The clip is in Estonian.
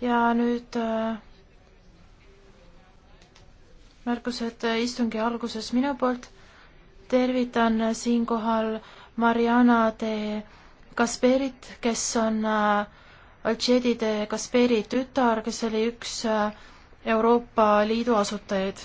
ja nüüd äh, märkused istungi alguses minu poolt. tervitan siinkohal Mariana de Kasperit, kes on äh, Alcedi de Kasperi tütar, kes oli üks äh, Euroopa Liidu asutajaid